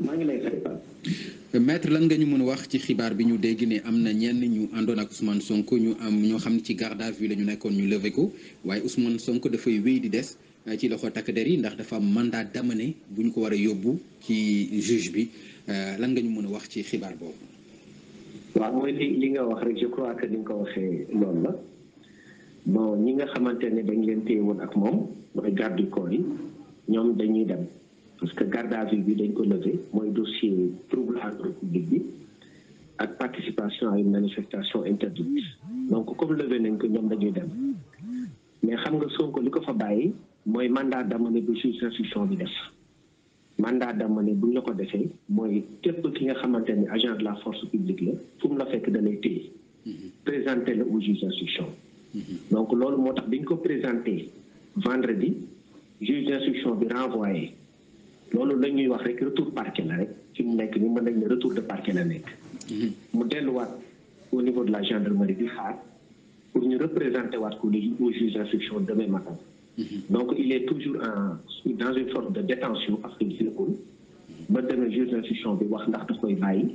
maa ngi lay fay maître lan nga ñu mën a wax ci xibaar bi ñu dégg ne am na ñenn ñu àndoon ak Ousmane sonk ñu am ñoo xam ci garde à vue lañu nekkoon ñu levé ko waaye Ousmane Sonko dafay wéy di des euh, ci loxo takk der yi ndax dafa am mandat d'amener bu ñu ko war a yóbbu ci juge bi euh, lan nga ñu mën a wax ci xibaar boobu. waaw mooy li li nga wax rek je crois que nga ko waxee loolu la bon ñi nga xamante ne dañ leen téye woon ak moom mooy garde du yi ñoom dañuy dem. parce que garde à bi dañ ko levé mooy dossier trouble à l'ordre public bi ak participation à une manifestation interdite donc comme levé nañ ko ñoom dañuy dem mais xam nga Sonko li ko fa bàyyi mooy mandat d'amener bu juge d'instruction bi def mandat d'amener bu ñu la ko defee mooy képp ki nga xamante ni agent de la force publique la fu mu la fekk da lay téye présenté la au juge d'instruction donc loolu moo tax dañ ko présenté vendredi juge d'instruction bi renvoyé la ñuy wax rek retour parquet la rek fi mu nekk ni mën nañ ne retour de parquet la nekk mhm. mu delluwaat au niveau de la gendarmerie bi xaar pour ñu représenter waat ko léegi au juge d'instruction demain matin mhm. donc il est toujours en dans une forme de détention parce que gislakol ba demee juge d'instruction bi wax ndax daf koy bàyyi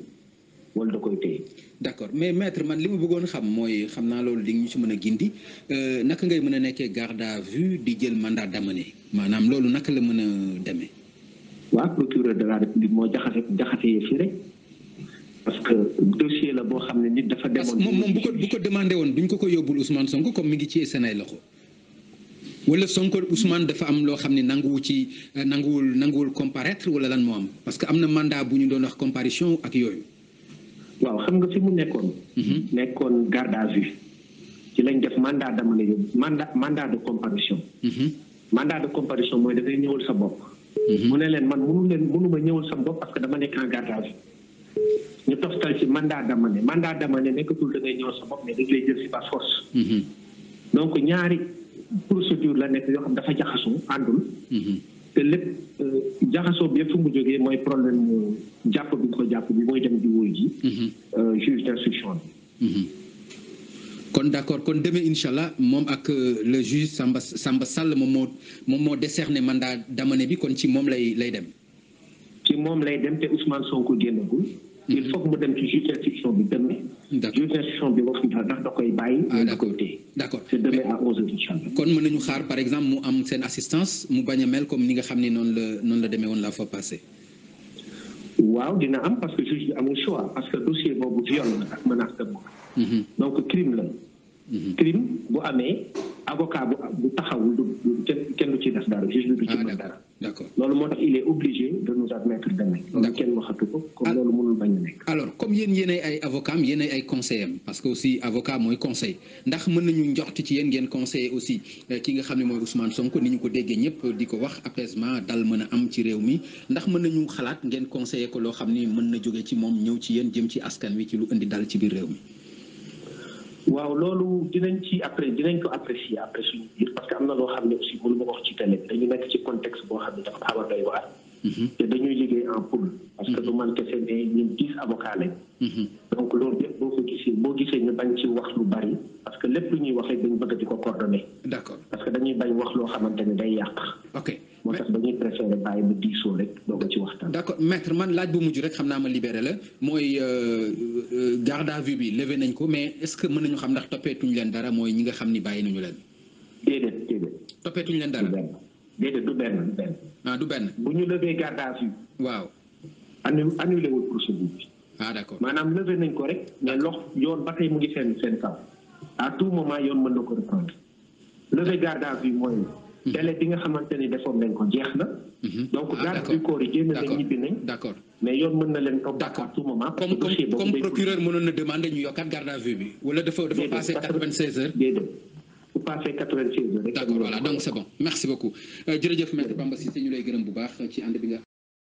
wala da koy téye d'accord mais maitre man li ma bëggoon xam mooy xam naa loolu di ñu si mën a gindi euh, naka ngay mën a nekkee garde à vue di jël mandat d'amener maanaam loolu naka la mën a demee waa procureur de la moo jaxase jaxase yëf yi rek parce que dossier la boo xam ne nit dafa demoon. moom moom bu ko bu ko demandé woon duñ ko ko yóbbul Ousmane Sonko comme mi ngi ci seen ay loxo wala Sonko Ousmane dafa am loo xam ne nanguwu ci euh, nanguwul nanguwul comparaître wala lan moo am parce que am na mandat bu ñu doon wax comparution ak yooyu. waaw xam nga fi mu nekkoon. Mhm. nekkoon garde à vue ci lañ def mandat dama la yóbbu mandat mandat de comparution. Mhm. mandat de comparution mooy dafay sa bopp. Mhm. mu ne leen man mënu leen mënuma ñëwal sama bopp parce que dama nekk en garde à vue ñu toftal ci mandat d'amener mandat d'amener nekkatul da ngay ñëw sa bopp mais dañ lay jël si par force. Mhm. donc ñaari procédure la nekk yoo xam dafa jaxasoo àndul. Mhm. te lépp euh, jaxasoo bi yëpp fu mu jógee mooy problème jàpp bi ko jàpp bi mooy dem di wóoy ji. Euh, juge d'instruction bi. kon d' accord kon demee incha allah moom ak euh, le juge Samba Samba Sall moom moo moom moo décerné mandat d'amener bi kon ci moom lay lay dem. ci moom lay dem te Ousmane Sonko ko mhm. il faut que mu dem ci juge d'instruction bi demee. d' accord juge d'instruction d' accord d' accord c' est demain à 11 kon mën nañu xaar par exemple mu am seen assistance mu bañ mel comme ni nga xam ne noonu la noonu la demee woon la fois passée. waaw dina am parce que juge bi amul choix parce que dossier boobu viol la ak menace de mort mhm. donc crime la mhm. crime bu amee avocat bu bu taxawul du kenn du ci def dara juge bi du ci ah, mën dara loolu moo tax il est obligé de nous admettre demain loolu kenn waxatu yéen yéenay ay avocat am yéenay ay conseil am parce que aussi avocat mooy conseil ndax mën nañu njort ci yéen ngeen conseiller aussi euh, ki nga xam ne mooy Ousmane Sonko ni ñu ko déggee ñëpp di ko wax apaisement dal mën a am ci réew mi ndax mën nañu xalaat ngeen conseiller ko loo xam ni mën na jóge ci moom ñëw ci yéen jëm ci askan wi ci lu indi dal ci biir réew mi. waaw loolu dinañ ci après dinañ ko apprécier après suñu biir parce que am na loo xam ne aussi mënu ma dañu nekk ci contexte boo xam ne dafa xaw Mm-hmm. te dañuy liggéey en poule. parce que mm-hmm. du man kese ne ñun dix avocats mm-hmm. donc loolu boo ko gisee boo gisee ñu bañ ci wax lu bari parce que lépp lu ñuy wax rek dañ bëgg di ko coordonner. d'accord parce que dañuy bañ wax loo xamante ne day yàq. ok moo tax dañuy préféré bàyyi ba ci waxtaan. d'accord maître man laaj bu mujj rek xam naa ma libéré la mooy euh, euh, garde à vue bi levé nañ ko mais est-ce que mën nañu xam ndax toppeetuñu leen dara mooy ñi nga xam ni bàyyi nañu leen. déedéet déedéet. toppeetuñu leen dara. déedéet du benn du benn. ah du benn. bu ñu levee garde à vue. waaw. annu annulé wul procédure bi. ah d' maanaam levé nañ ko rek mais lox yoon ba tey mu ngi seen seen kaw à tout yoon mën na ko reprendre levé garde à vue mooy. Hmm. délai bi nga xamante ni nañ ko jeex na. Hmm. donc ah, garde du comme comme procureur mënoon na demander ñu yokkaat garde à vue bi. wala dafa dafa passé quatre vingt seize heures. déedéet passé 96 heures. D'accord, voilà, donc c'est bon. Merci beaucoup. Euh, jërëjëf maître Bamba Cissé ñu lay gërëm bu baax ci ànd bi nga